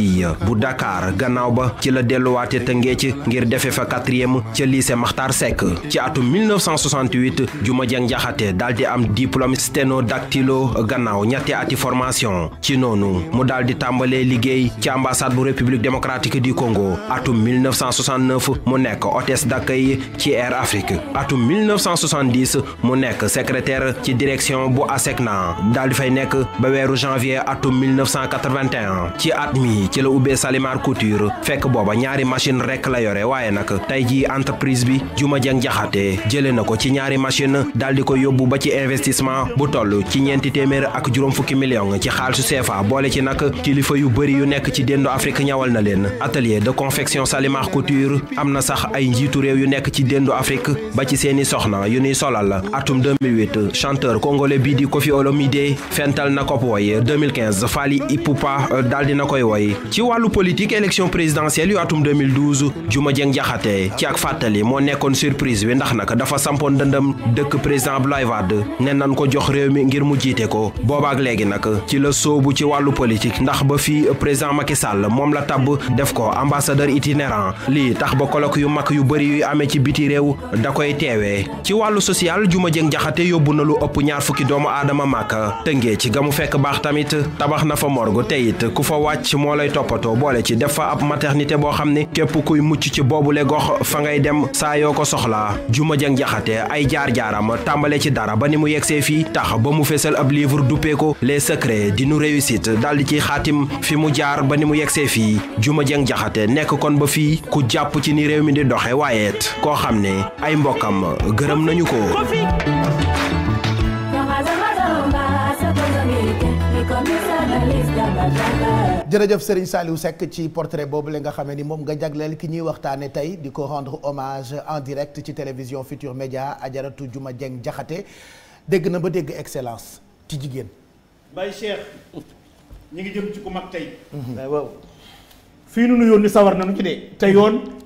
filles bu Dakar gannaaw ba ci la delluwaate Tëngéej ngir defe fa quatrième ca lycée Maxtar Seck ci atum 1968 Juma Jeng Jaxate daal di am diplôme sténodactylo gannaaw ñetti ati formation ci noonu mu daal di tàmbalee liggéey ci ambassade bu République démocratique du Congo atum 1969 mu nekk hôtesse d'accueil ci Air Afrique atum 1970 mu nekk secrétaire ci direction bu ASECNA daal di fay nekk ba weeru janvier atum ci at mi ci la ubbee Salimar Couture fekk booba ñaari machine rek la yore waaye nag tey ji entreprise bi Juma Jeng Jaxate jëlee na ko ci ñaari machine daal di ko yóbbu ba ci investissement bu toll ci ñeenti téeméer ak juróom fukki million ci xaalisu CFA boole ci nag kilifa yu bëri yu nekk ci déndu Afrique ñawal na leen atelier de confection Salimar Couture am na sax ay njiitu réew yu nekk ci déndu Afrique ba ci seeni soxna yu ñuy solal atum 2008 chanteur congolais bii di Koffi Olomide fental na ko woy 2015 Fally Ipupa euh, daal di na koy woy ci wàllu politique élection présidentielle yu atum 2012 Juma Jeng Jaxate ci ak fàttali moo nekkoon surprise bi ndax nag dafa sampoon dëndam dëkk président Abdoulaye Wade ne nan ko jox réew mi ngir mu jiite ko boobaak léegi nag ci la soobu ci wàllu politique ndax ba fii président Macky Sall moom la tabb def ko ambassadeur itinérant lii tax ba colloque yu mag yu bëri yuy amee ci biti réew da koy teewee ci wàllu social Juma Jeng Jaxate yóbbu na lu ëpp ñaar fukki doomu aadama màkk tëngee ci gamu fekk baax tamit tabax na fa morgue te lay toppatoo boole ci def fa ab maternité boo xam ne képp kuy mucc ci boobu boobule gox fa ngay dem saa yoo ko soxla juma jëng jaxate ay jaar-jaarama tàmbale ci dara ba ni mu yegsee fii tax ba mu fesal ab livre duppee ko les secrets dinu réussite daal di ci xaatim fi mu jaar ba ni mu yegsee fii juma jëng jaxate nekk kon ba fii ku jàpp ci ni réew mi di doxe waayeet koo xam ne ay mbokkam gërëm nañu ko jërëjëf Serigne Saliou sekk ci portrait boobu la nga xamee ni moom nga jagleel ki ñuy waxtaane tey di ko rendre hommage en direct ci télévision Futur Média Ajaratu Juma Jeng Jaxate dégg na ba dégg excellence ci jigéen Baye Cheikh ñu ngi jëm ci ku mag tey mm-hmm. fii nu nu yoon ni sawar ci de te yoon